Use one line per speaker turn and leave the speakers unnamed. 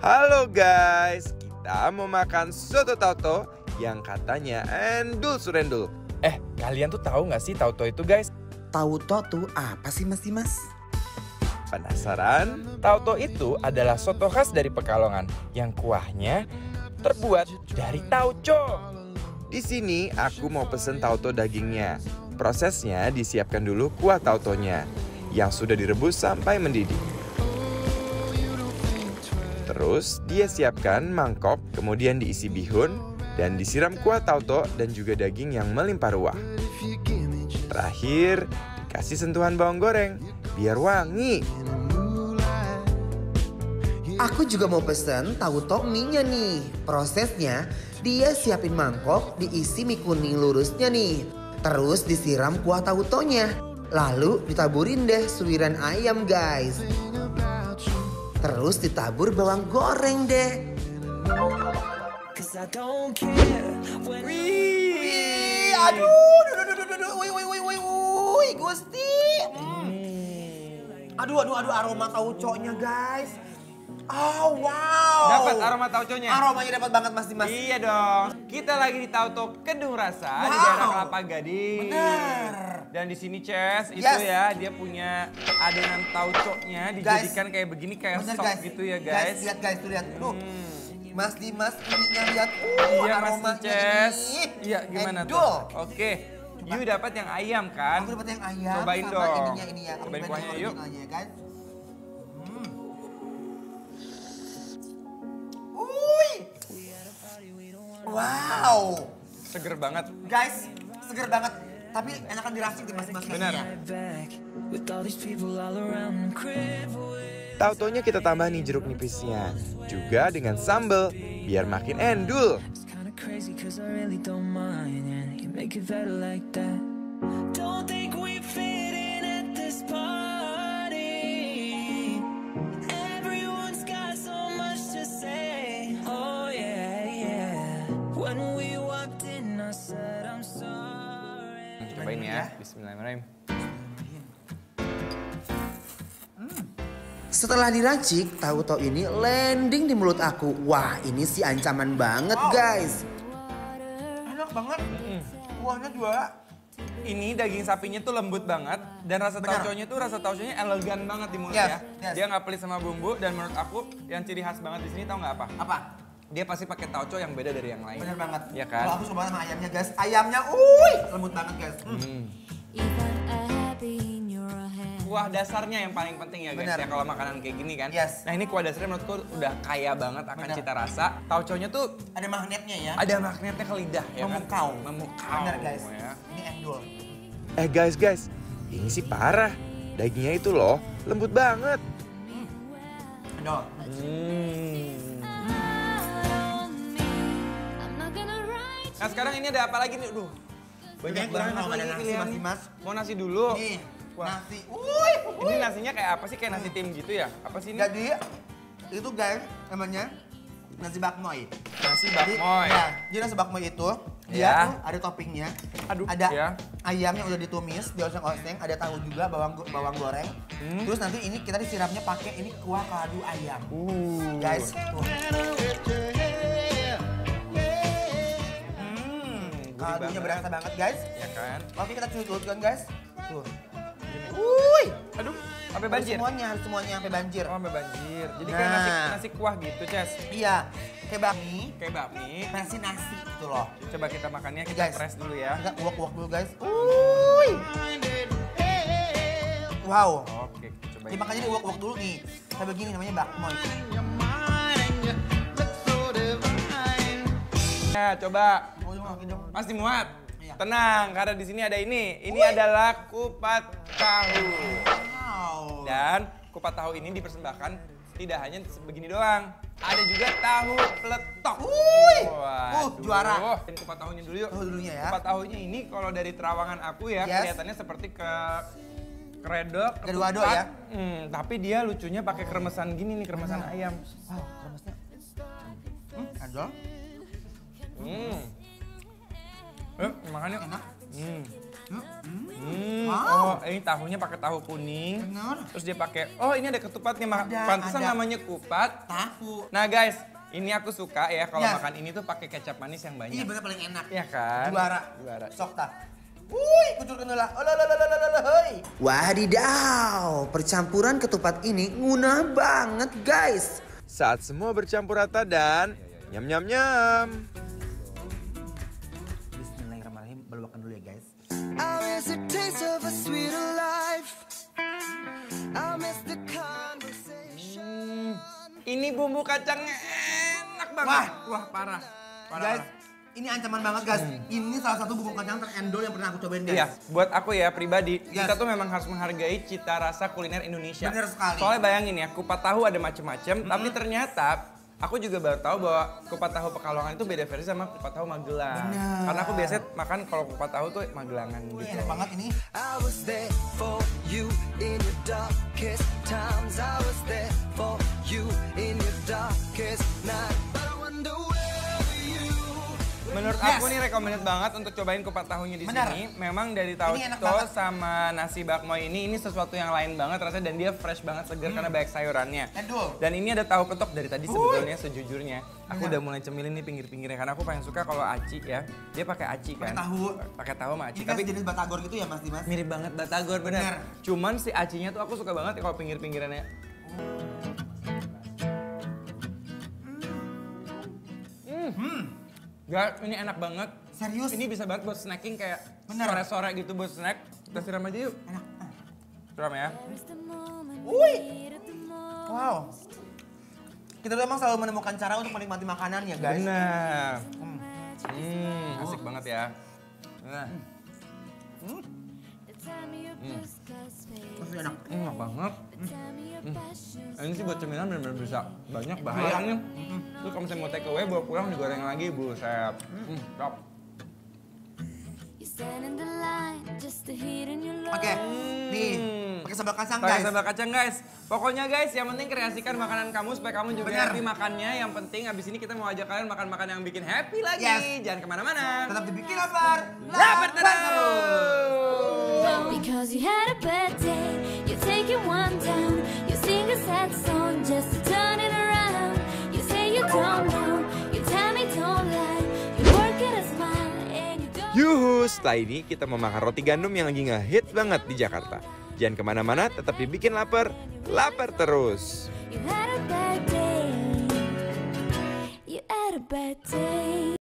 Halo guys, kita mau makan soto tauto yang katanya endul surendul. Eh, kalian tuh tahu nggak sih tauto itu guys? Tauto tuh apa sih mas Dimas? Penasaran? Tauto itu adalah soto khas dari Pekalongan yang kuahnya terbuat dari tauco. Di sini aku mau pesen tauto dagingnya. Prosesnya disiapkan dulu kuah tautonya yang sudah direbus sampai mendidih. Terus, dia siapkan mangkok, kemudian diisi bihun, dan disiram kuah tauco dan juga daging yang melimpah ruah. Terakhir, dikasih sentuhan bawang goreng, biar wangi.
Aku juga mau pesen tahu tok mie-nya nih. Prosesnya, dia siapin mangkok diisi mie kuning lurusnya nih. Terus disiram kuah tahu Lalu ditaburin deh suiran ayam guys. Terus ditabur bawang goreng deh. Wih, aduh, aduh, aduh, aduh, aduh, wih, wih, wih, wih, wih, gusti. Hmm. Hmm. Aduh, aduh, aduh, aroma tauconya guys. Oh wow. Dapat aroma tauconya. Aromanya dapat banget Mas Dimas. Iya dong.
Kita lagi di Tauco Kedung Rasa wow. di daerah Kelapa Gading. Bener. Dan di sini Ches yes. itu ya dia punya adonan tauco-nya dijadikan guys. kayak begini kayak Bener, sok gitu ya guys. guys. Lihat
guys tuh lihat. Tuh. Hmm. Mas Dimas ininya lihat uh, iya, aromanya Mas Ces.
ini. Iya gimana Edo. tuh? Oke. Okay. You dapat yang ayam kan? Aku dapat yang ayam. Cobain sama dong. Ininya, ini ya. Aku Cobain kuahnya yuk.
Ya, kan? Wow.
Seger banget.
Guys, seger banget tapi enakan dirasik di masing-masing benar
taunya kita tambah nih jeruk nipisnya Juga dengan sambal Biar
makin endul Ya.
Bismillahirrahmanirrahim.
Hmm. Setelah diracik, tahu-tahu ini landing di mulut aku. Wah, ini sih ancaman banget, guys. Enak banget. Mm. Kuahnya
Ini daging sapinya tuh lembut banget dan rasa tauconya tuh rasa tauconya elegan banget di mulut yes, ya. Yes. Dia nggak pelit sama bumbu dan menurut aku yang ciri khas banget di sini tau nggak apa? Apa? dia pasti pakai tauco yang beda dari yang lain. Benar banget. Iya kan? Kalau aku coba
sama ayamnya, guys. Ayamnya, uy, lembut banget, guys. Hmm. hmm.
Kuah dasarnya yang paling penting ya guys Bener. ya kalau makanan kayak gini kan. Yes. Nah ini kuah dasarnya menurutku udah kaya banget akan Bener. cita rasa. Tauconya tuh ada magnetnya ya. Ada magnetnya ke lidah ya kan? Memukau. kan. Memukau. Bener guys. Ya. Ini endul. Eh guys guys, ini sih parah. Dagingnya itu loh lembut banget. Hmm.
Endul. Hmm.
Nah sekarang ini ada apa lagi nih? Duh. Banyak banget kalau ada nasi mas, mas. Mau nasi dulu? Nih, Wah. nasi. Uy, uy. Ini nasinya kayak apa sih? Kayak nasi hmm. tim
gitu ya? Apa sih ini? Jadi, itu guys namanya nasi bakmoy. Nasi bakmoy. Jadi, ya, jadi nasi bakmoy itu dia ya. tuh ada toppingnya. Aduh. Ada ya. ayam yang udah ditumis, dioseng-oseng, ada tahu juga, bawang bawang goreng. Hmm. Terus nanti ini kita disiramnya pakai ini kuah kaldu ayam. Uh. Guys, tuh. Kaldunya berasa banget guys. Ya kan? Oke kita kan guys. Tuh. Wuih. Aduh, sampai banjir. Harus semuanya, harus semuanya sampai banjir. Oh, sampai banjir. Jadi nah. kayak nasi, nasi kuah gitu, Ces. Iya. Kayak bakmi. Kayak bakmi. Nasi nasi gitu loh. Coba kita makannya, kita guys. press dulu ya. Kita uak-uak dulu, guys. Wuih. Wow. Oke, coba. Ya, makannya diuak-uak dulu nih. Kayak begini namanya bakmoy. Ya, coba. Oh, coba.
Masih muat? Ya. Tenang, karena di sini ada ini. Ini Wih. adalah kupat tahu.
Wow.
Dan kupat tahu ini dipersembahkan tidak hanya begini doang. Ada juga tahu peletok. Wih. Uh, juara. Oh, ini kupat tahunya dulu yuk. Tahu dulunya ya. Kupat tahunya ini kalau dari terawangan aku ya, yes. kelihatannya seperti ke kredok, kedua ya. Hmm, tapi dia lucunya pakai kremesan gini nih, kremesan ayam. Wow, kremesnya. Hmm, Hmm. Yuk, makan Enak. Hmm. hmm. Hmm. Wow. Oh, ini tahunya pakai tahu kuning. Benar. Terus dia pakai oh, ini ada ketupatnya. Ada, Pantesan ada. namanya kupat tahu. Nah, guys, ini aku suka ya kalau yes. Iya. makan ini tuh pakai kecap manis yang banyak. Ini iya, benar paling enak. Iya kan? Juara. Juara. Sok
tah. Wuih, kucur lo, oh, hoi. Wadidaw, percampuran ketupat ini nguna banget guys. Saat semua bercampur rata dan nyam nyam nyam sambil dulu ya guys. Hmm, ini bumbu kacangnya enak banget. Wah, wah parah. parah guys, ini ancaman banget guys. Hmm. Ini salah satu bumbu kacang terendol yang pernah aku cobain guys. Iya,
buat aku ya pribadi, yes. kita tuh memang harus menghargai cita rasa kuliner Indonesia. Bener sekali. Soalnya bayangin ya, kupat tahu ada macem-macem, -hmm. tapi ternyata aku juga baru tahu bahwa kupat tahu Pekalongan itu beda versi sama kupat tahu Magelang. Bener. Karena aku biasanya makan kalau kupat tahu tuh Magelangan gitu. Enak banget
ini. I was there for you in your darkest times. I was there for you in your darkest night. Menurut yes. aku nih recommended
banget untuk cobain kupat tahunya di Bener. sini. Memang dari tahu itu sama nasi bakmoy ini ini sesuatu yang lain banget rasanya dan dia fresh banget segar hmm. karena banyak sayurannya. Aduh. Dan ini ada tahu petok dari tadi sebetulnya sejujurnya aku Bener. udah mulai cemilin nih pinggir-pinggirnya karena aku pengen suka kalau aci ya. Dia pakai aci kan. Pakai tahu. Pakai tahu sama aci. Ini kan tapi jenis batagor gitu ya Mas Dimas? Mirip banget batagor bener. bener. Cuman si acinya tuh aku suka banget ya kalau pinggir-pinggirannya. Hmm. Gak, ini enak banget. Serius? Ini bisa banget buat snacking kayak sore-sore gitu buat snack. Kita siram aja yuk. Enak. Siram ya.
Wih. Wow. Kita tuh emang selalu menemukan cara untuk menikmati makanan ya guys. Benar.
Hmm. hmm, asik banget ya. Nah. Hmm. Hmm hmm.
Terus enak, enak
hmm. banget. Hmm. hmm. Ini sih buat cemilan benar-benar bisa banyak hmm. bahayanya. Hmm. Terus kalau misalnya mau take away, bawa pulang digoreng lagi, buset. Hmm. Top.
Oke, okay. nih pakai sambal kacang guys. Pakai
sambal kacang guys. Pokoknya guys, yang penting kreasikan makanan kamu supaya kamu juga Bener. happy makannya. Yang penting abis ini kita mau ajak kalian makan-makan yang bikin happy lagi. Yes. Jangan kemana-mana. Tetap dibikin lapar. Lapar terus down
Because you had a bad day You take it one down You sing a sad song just to turn it around You say you don't know You tell me don't lie You work at a smile and you
don't Yuhu, setelah ini kita mau makan roti gandum yang lagi ngehit banget di Jakarta Jangan kemana-mana, tetap dibikin lapar Lapar
terus You had a bad day You had a bad day